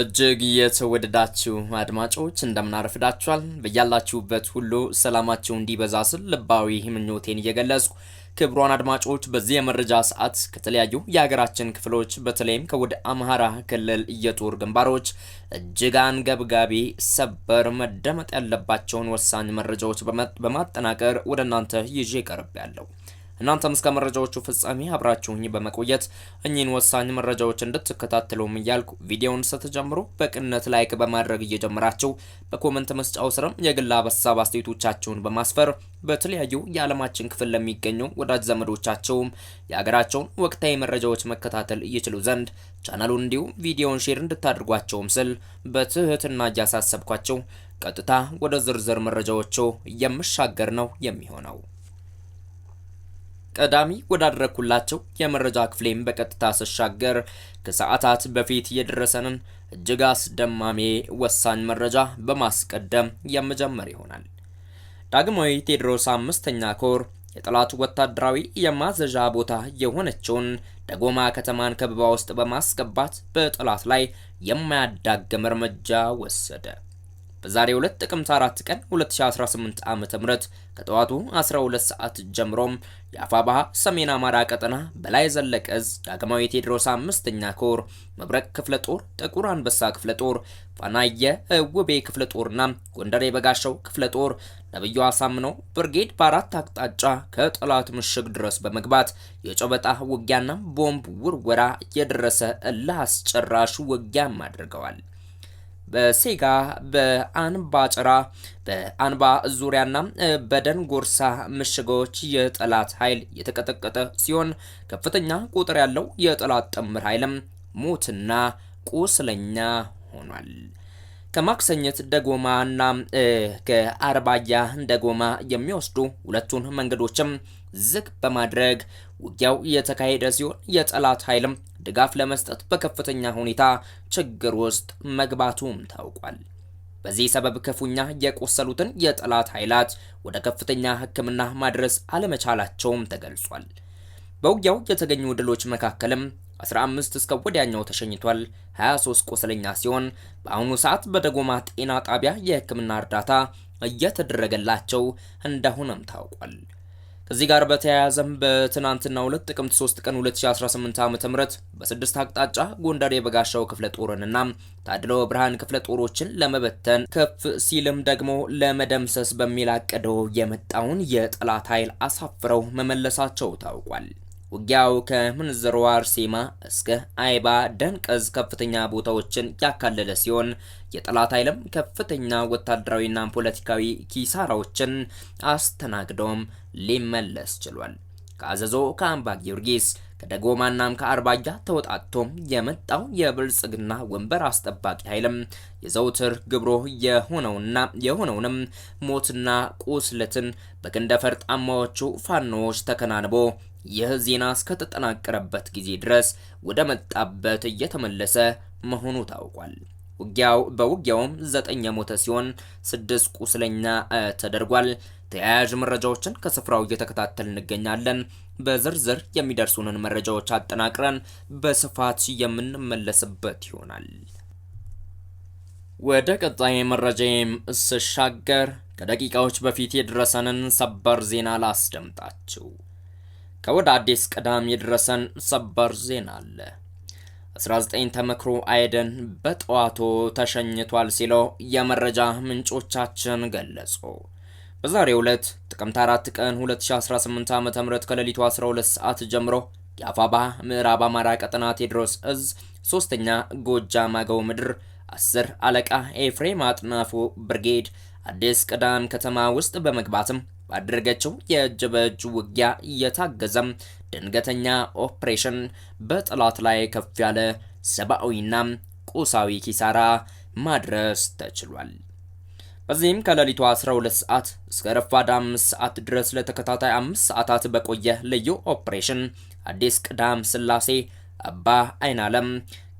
እጅግ የተወደዳችሁ አድማጮች እንደምናረፍዳችኋል። በያላችሁበት ሁሉ ሰላማችሁ እንዲበዛ ስል ልባዊ ምኞቴን እየገለጽኩ ክቡራን አድማጮች በዚህ የመረጃ ሰዓት ከተለያዩ የሀገራችን ክፍሎች በተለይም ከወደ አምሃራ ክልል የጦር ግንባሮች እጅግ አንገብጋቢ ሰበር መደመጥ ያለባቸውን ወሳኝ መረጃዎች በማጠናቀር ወደ እናንተ ይዤ ቀርብ ያለው እናንተም እስከ መረጃዎቹ ፍጻሜ አብራችሁኝ በመቆየት እኚህን ወሳኝ መረጃዎች እንድትከታተሉም እያልኩ ቪዲዮውን ስትጀምሩ በቅነት ላይክ በማድረግ እየጀመራችሁ በኮመንት መስጫው ስርም የግላ በሳብ አስተያየቶቻችሁን በማስፈር በተለያዩ የዓለማችን ክፍል ለሚገኙ ወዳጅ ዘመዶቻቸውም የሀገራቸውን ወቅታዊ መረጃዎች መከታተል እየችሉ ዘንድ ቻናሉን እንዲሁም ቪዲዮውን ሼር እንድታደርጓቸውም ስል በትህትና እያሳሰብኳቸው ቀጥታ ወደ ዝርዝር መረጃዎቹ የምሻገር ነው የሚሆነው። ቀዳሚ ወዳደረኩላቸው የመረጃ ክፍሌም በቀጥታ ስሻገር ከሰዓታት በፊት የደረሰንን እጅግ አስደማሜ ወሳኝ መረጃ በማስቀደም የመጀመር ይሆናል። ዳግማዊ ቴዎድሮስ አምስተኛ ኮር የጠላቱ ወታደራዊ የማዘዣ ቦታ የሆነችውን ደጎማ ከተማን ከበባ ውስጥ በማስገባት በጠላት ላይ የማያዳግም እርምጃ ወሰደ። በዛሬ ዕለት ጥቅምት 4 ቀን 2018 ዓ.ም ከጠዋቱ 12 ሰዓት ጀምሮም የአፋባሃ ሰሜን አማራ ቀጠና በላይ ዘለቀ እዝ ዳግማዊ ቴዎድሮስ አምስተኛ ኮር መብረቅ ክፍለ ጦር፣ ጥቁር አንበሳ ክፍለ ጦር፣ ፋናየ ውቤ ክፍለ ጦርና ጎንደር የበጋሸው ክፍለ ጦር ነብዩ አሳምነው ብርጌድ በአራት አቅጣጫ ከጠላት ምሽግ ድረስ በመግባት የጨበጣ ውጊያና ቦምብ ውርወራ የደረሰ እልህ አስጨራሽ ውጊያም አድርገዋል። በሴጋ በአንባ ጭራ በአንባ ዙሪያና በደንጎርሳ ምሽጎች የጠላት ኃይል የተቀጠቀጠ ሲሆን ከፍተኛ ቁጥር ያለው የጠላት ጥምር ኃይልም ሞትና ቁስለኛ ሆኗል። ከማክሰኘት ደጎማ እና ከአርባያ ደጎማ የሚወስዱ ሁለቱን መንገዶችም ዝግ በማድረግ ውጊያው የተካሄደ ሲሆን የጠላት ኃይልም ድጋፍ ለመስጠት በከፍተኛ ሁኔታ ችግር ውስጥ መግባቱም ታውቋል። በዚህ ሰበብ ክፉኛ የቆሰሉትን የጠላት ኃይላት ወደ ከፍተኛ ሕክምና ማድረስ አለመቻላቸውም ተገልጿል። በውጊያው የተገኙ ድሎች መካከልም 15 እስከ ወዲያኛው ተሸኝቷል። 23 ቆሰለኛ ሲሆን በአሁኑ ሰዓት በደጎማ ጤና ጣቢያ የህክምና እርዳታ እየተደረገላቸው እንደሆነም ታውቋል። ከዚህ ጋር በተያያዘም በትናንትና ሁለት ጥቅምት 3 ቀን 2018 ዓ.ም በስድስት አቅጣጫ ጎንደር የበጋሻው ክፍለ ጦርንና ታድለው ብርሃን ክፍለ ጦሮችን ለመበተን ከፍ ሲልም ደግሞ ለመደምሰስ በሚል አቅደው የመጣውን የጠላት ኃይል አሳፍረው መመለሳቸው ታውቋል። ውጊያው ከምንዝሮ አርሴማ እስከ አይባ ደንቀዝ ከፍተኛ ቦታዎችን ያካለለ ሲሆን የጠላት ኃይልም ከፍተኛ ወታደራዊና ፖለቲካዊ ኪሳራዎችን አስተናግደውም ሊመለስ ችሏል። ከአዘዞ ከአምባ ጊዮርጊስ ከደጎማናም ከአርባያ ተወጣቶም የመጣው የብልጽግና ወንበር አስጠባቂ ኃይልም የዘውትር ግብሮ የሆነውና የሆነውንም ሞትና ቁስለትን በክንደ ፈርጣማዎቹ ፋኖዎች ተከናንቦ ይህ ዜና እስከተጠናቀረበት ጊዜ ድረስ ወደ መጣበት እየተመለሰ መሆኑ ታውቋል። ውጊያው በውጊያውም ዘጠኝ የሞተ ሲሆን ስድስት ቁስለኛ ተደርጓል። ተያያዥ መረጃዎችን ከስፍራው እየተከታተል እንገኛለን። በዝርዝር የሚደርሱንን መረጃዎች አጠናቅረን በስፋት የምንመለስበት ይሆናል። ወደ ቀጣይ መረጃዬም ስሻገር ከደቂቃዎች በፊት የደረሰንን ሰበር ዜና ላስደምጣችሁ። ከወደ አዲስ ቅዳም የደረሰን ሰበር ዜና አለ። 19 ተመክሮ አይደን በጠዋቱ ተሸኝቷል ሲለው የመረጃ ምንጮቻችን ገለጹ። በዛሬው ዕለት ጥቅምት 4 ቀን 2018 ዓ ም ከሌሊቱ 12 ሰዓት ጀምሮ የአፋባ ምዕራብ አማራ ቀጠና ቴዎድሮስ እዝ ሶስተኛ ጎጃም አገው ምድር አስር አለቃ ኤፍሬም አጥናፉ ብርጌድ አዲስ ቅዳም ከተማ ውስጥ በመግባትም ባደረገችው የእጅ በእጅ ውጊያ እየታገዘም ድንገተኛ ኦፕሬሽን በጠላት ላይ ከፍ ያለ ሰብአዊና ቁሳዊ ኪሳራ ማድረስ ተችሏል። በዚህም ከሌሊቱ 12 ሰዓት እስከ ረፋድ 5 ሰዓት ድረስ ለተከታታይ 5 ሰዓታት በቆየ ልዩ ኦፕሬሽን አዲስ ቅዳም ስላሴ አባ አይናለም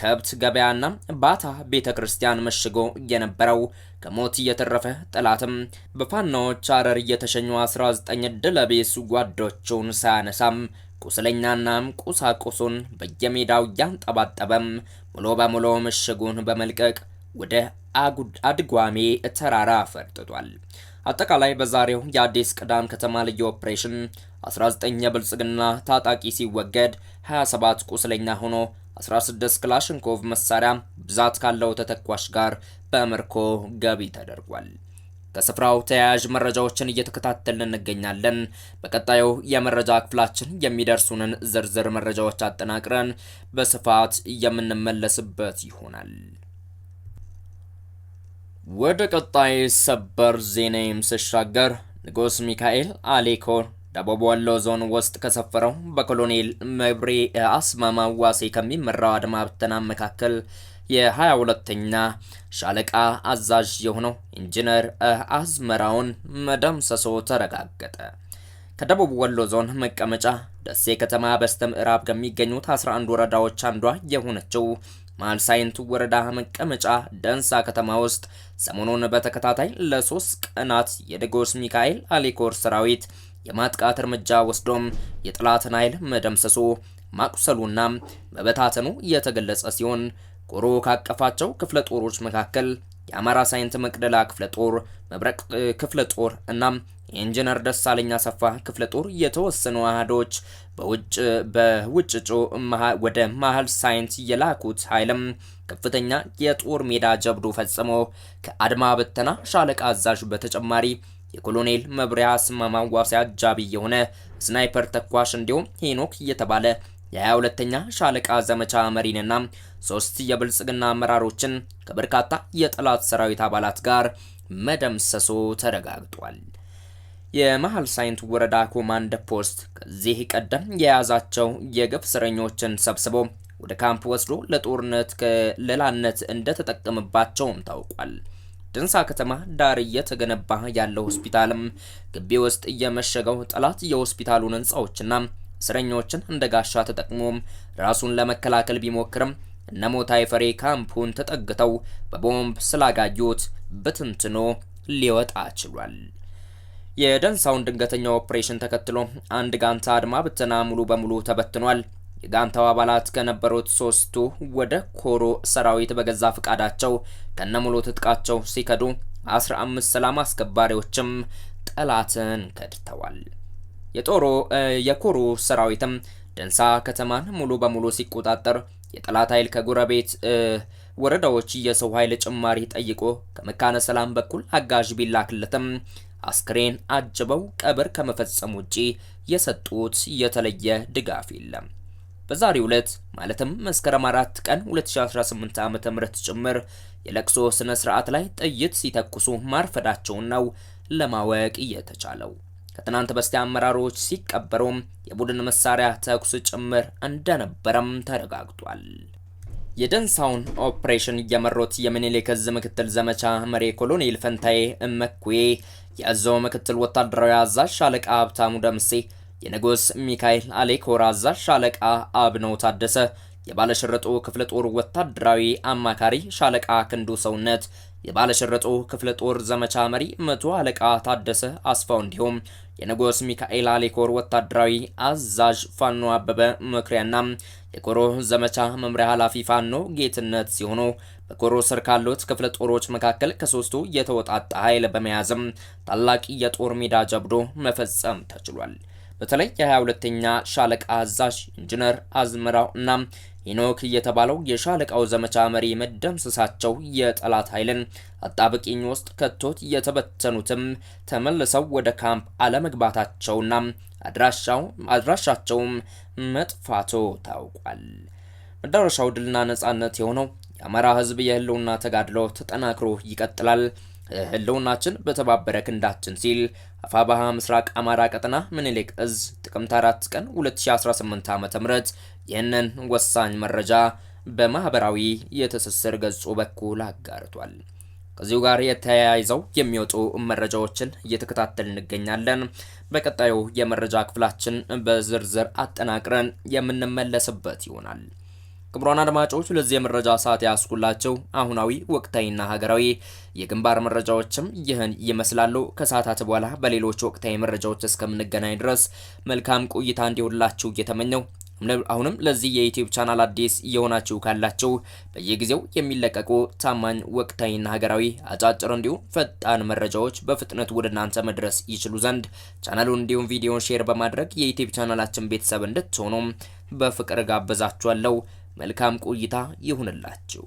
ከብት ገበያና ባታ ቤተ ክርስቲያን መሽጎ የነበረው ከሞት እየተረፈ ጠላትም በፋናዎች አረር እየተሸኙ 19 ዕድለቢስ ጓዶቹን ሳያነሳም ቁስለኛና ቁሳቁሱን በየሜዳው እያንጠባጠበም ሙሉ በሙሉ ምሽጉን በመልቀቅ ወደ አድጓሜ ተራራ ፈርጥቷል። አጠቃላይ በዛሬው የአዲስ ቅዳም ከተማ ልዩ ኦፕሬሽን 19 የብልጽግና ታጣቂ ሲወገድ 27 ቁስለኛ ሆኖ 16 ክላሽንኮቭ መሳሪያ ብዛት ካለው ተተኳሽ ጋር በምርኮ ገቢ ተደርጓል። ከስፍራው ተያያዥ መረጃዎችን እየተከታተልን እንገኛለን። በቀጣዩ የመረጃ ክፍላችን የሚደርሱንን ዝርዝር መረጃዎች አጠናቅረን በስፋት የምንመለስበት ይሆናል። ወደ ቀጣይ ሰበር ዜናም ስሻገር ንጉስ ሚካኤል አሌኮ ደቡብ ወሎ ዞን ውስጥ ከሰፈረው በኮሎኔል መብሬ አስማማ ዋሴ ከሚመራው አድማ ብተና መካከል የ22ኛ ሻለቃ አዛዥ የሆነው ኢንጂነር አዝመራውን መደምሰሶ ተረጋገጠ። ከደቡብ ወሎ ዞን መቀመጫ ደሴ ከተማ በስተ ምዕራብ ከሚገኙት 11 ወረዳዎች አንዷ የሆነችው ማልሳይንቱ ወረዳ መቀመጫ ደንሳ ከተማ ውስጥ ሰሞኑን በተከታታይ ለሶስት ቀናት የደጎስ ሚካኤል አሊኮር ሰራዊት የማጥቃት እርምጃ ወስዶም የጠላትን ኃይል መደምሰሱ ማቁሰሉና መበታተኑ እየተገለጸ ሲሆን ጎሮ ካቀፋቸው ክፍለ ጦሮች መካከል የአማራ ሳይንት መቅደላ ክፍለ ጦር፣ መብረቅ ክፍለ ጦር እና የኢንጂነር ደሳለኝ አሰፋ ክፍለ ጦር የተወሰኑ አህዶች በውጭ በውጭጮ ወደ መሀል ሳይንት የላኩት ኃይልም ከፍተኛ የጦር ሜዳ ጀብዱ ፈጽሞ ከአድማ ብተና ሻለቃ አዛዥ በተጨማሪ የኮሎኔል መብሪያ ስም ማዋብሳያ አጃቢ የሆነ ስናይፐር ተኳሽ እንዲሁም ሄኖክ እየተባለ የ22ኛ ሻለቃ ዘመቻ መሪንና ሶስት የብልጽግና አመራሮችን ከበርካታ የጠላት ሰራዊት አባላት ጋር መደምሰሶ ተረጋግጧል። የመሃል ሳይንት ወረዳ ኮማንድ ፖስት ከዚህ ቀደም የያዛቸው የግፍ እስረኞችን ሰብስቦ ወደ ካምፕ ወስዶ ለጦርነት ለላነት እንደተጠቀምባቸውም ታውቋል። ድንሳ ከተማ ዳር እየተገነባ ያለው ሆስፒታልም ግቢ ውስጥ እየመሸገው ጠላት የሆስፒታሉን ህንፃዎችና እስረኞችን እንደ ጋሻ ተጠቅሞም ራሱን ለመከላከል ቢሞክርም እነሞታይ ፈሬ ካምፑን ተጠግተው በቦምብ ስላጋዩት በትንትኖ ሊወጣ ችሏል። የደንሳውን ድንገተኛ ኦፕሬሽን ተከትሎ አንድ ጋንታ አድማ ብተና ሙሉ በሙሉ ተበትኗል። የጋንታው አባላት ከነበሩት ሶስቱ ወደ ኮሮ ሰራዊት በገዛ ፈቃዳቸው ከነሙሉ ትጥቃቸው ሲከዱ 15 ሰላም አስከባሪዎችም ጠላትን ከድተዋል። የጦሮ የኮሮ ሰራዊትም ደንሳ ከተማን ሙሉ በሙሉ ሲቆጣጠር የጠላት ኃይል ከጎረቤት ወረዳዎች የሰው ኃይል ጭማሪ ጠይቆ ከመካነ ሰላም በኩል አጋዥ ቢላክለትም አስክሬን አጅበው ቀብር ከመፈጸም ውጪ የሰጡት የተለየ ድጋፍ የለም። በዛሬው ዕለት ማለትም መስከረም 4 ቀን 2018 ዓ.ም ጭምር የለቅሶ ስነ ስርዓት ላይ ጥይት ሲተኩሱ ማርፈዳቸውን ነው ለማወቅ እየተቻለው። ከትናንት በስቲያ አመራሮች ሲቀበሩም የቡድን መሳሪያ ተኩስ ጭምር እንደነበረም ተረጋግጧል። የደንሳውን ኦፕሬሽን እየመሩት የሚኒሊክ ዕዝ ምክትል ዘመቻ መሪ ኮሎኔል ፈንታዬ እመኩዬ፣ የዕዙ ምክትል ወታደራዊ አዛዥ ሻለቃ ሀብታሙ ደምሴ የነጎስ ሚካኤል አሌኮር አዛዥ ሻለቃ አብነው ታደሰ፣ የባለሸረጡ ክፍለ ጦር ወታደራዊ አማካሪ ሻለቃ ክንዱ ሰውነት፣ የባለሸረጡ ክፍለ ጦር ዘመቻ መሪ መቶ አለቃ ታደሰ አስፋው እንዲሁም የነጎስ ሚካኤል አሌኮር ወታደራዊ አዛዥ ፋኖ አበበ መኩሪያና የኮሮ ዘመቻ መምሪያ ኃላፊ ፋኖ ጌትነት ሲሆኑ በኮሮ ስር ካሉት ክፍለ ጦሮች መካከል ከሶስቱ የተወጣጣ ኃይል በመያዝም ታላቅ የጦር ሜዳ ጀብዶ መፈጸም ተችሏል። በተለይ የ22ኛ ሻለቃ አዛዥ ኢንጂነር አዝመራው እና ሄኖክ የተባለው የሻለቃው ዘመቻ መሪ መደምሰሳቸው የጠላት ኃይልን አጣብቂኝ ውስጥ ከቶት የተበተኑትም ተመልሰው ወደ ካምፕ አለመግባታቸውና አድራሻቸውም መጥፋቱ ታውቋል። መዳረሻው ድልና ነጻነት የሆነው የአማራ ሕዝብ የህልውና ተጋድሎ ተጠናክሮ ይቀጥላል። ህልውናችን በተባበረ ክንዳችን ሲል አፋባሃ ምስራቅ አማራ ቀጠና ምኒልክ እዝ ጥቅምት 4 ቀን 2018 ዓ ም ይህንን ወሳኝ መረጃ በማኅበራዊ የትስስር ገጹ በኩል አጋርቷል። ከዚሁ ጋር የተያይዘው የሚወጡ መረጃዎችን እየተከታተል እንገኛለን። በቀጣዩ የመረጃ ክፍላችን በዝርዝር አጠናቅረን የምንመለስበት ይሆናል። ክቡራን አድማጮች ለዚህ የመረጃ ሰዓት ያስኩላቸው አሁናዊ ወቅታዊና ሀገራዊ የግንባር መረጃዎችም ይህን ይመስላሉ። ከሰዓታት በኋላ በሌሎች ወቅታዊ መረጃዎች እስከምንገናኝ ድረስ መልካም ቆይታ እንዲሆንላችሁ እየተመኘው አሁንም ለዚህ የዩቲዩብ ቻናል አዲስ እየሆናችሁ ካላችሁ በየጊዜው የሚለቀቁ ታማኝ ወቅታዊና ሀገራዊ አጫጭር እንዲሁም ፈጣን መረጃዎች በፍጥነት ወደ እናንተ መድረስ ይችሉ ዘንድ ቻናሉን እንዲሁም ቪዲዮን ሼር በማድረግ የዩቲዩብ ቻናላችን ቤተሰብ እንድትሆኑም በፍቅር ጋብዛችኋለሁ። መልካም ቆይታ ይሁንላችሁ።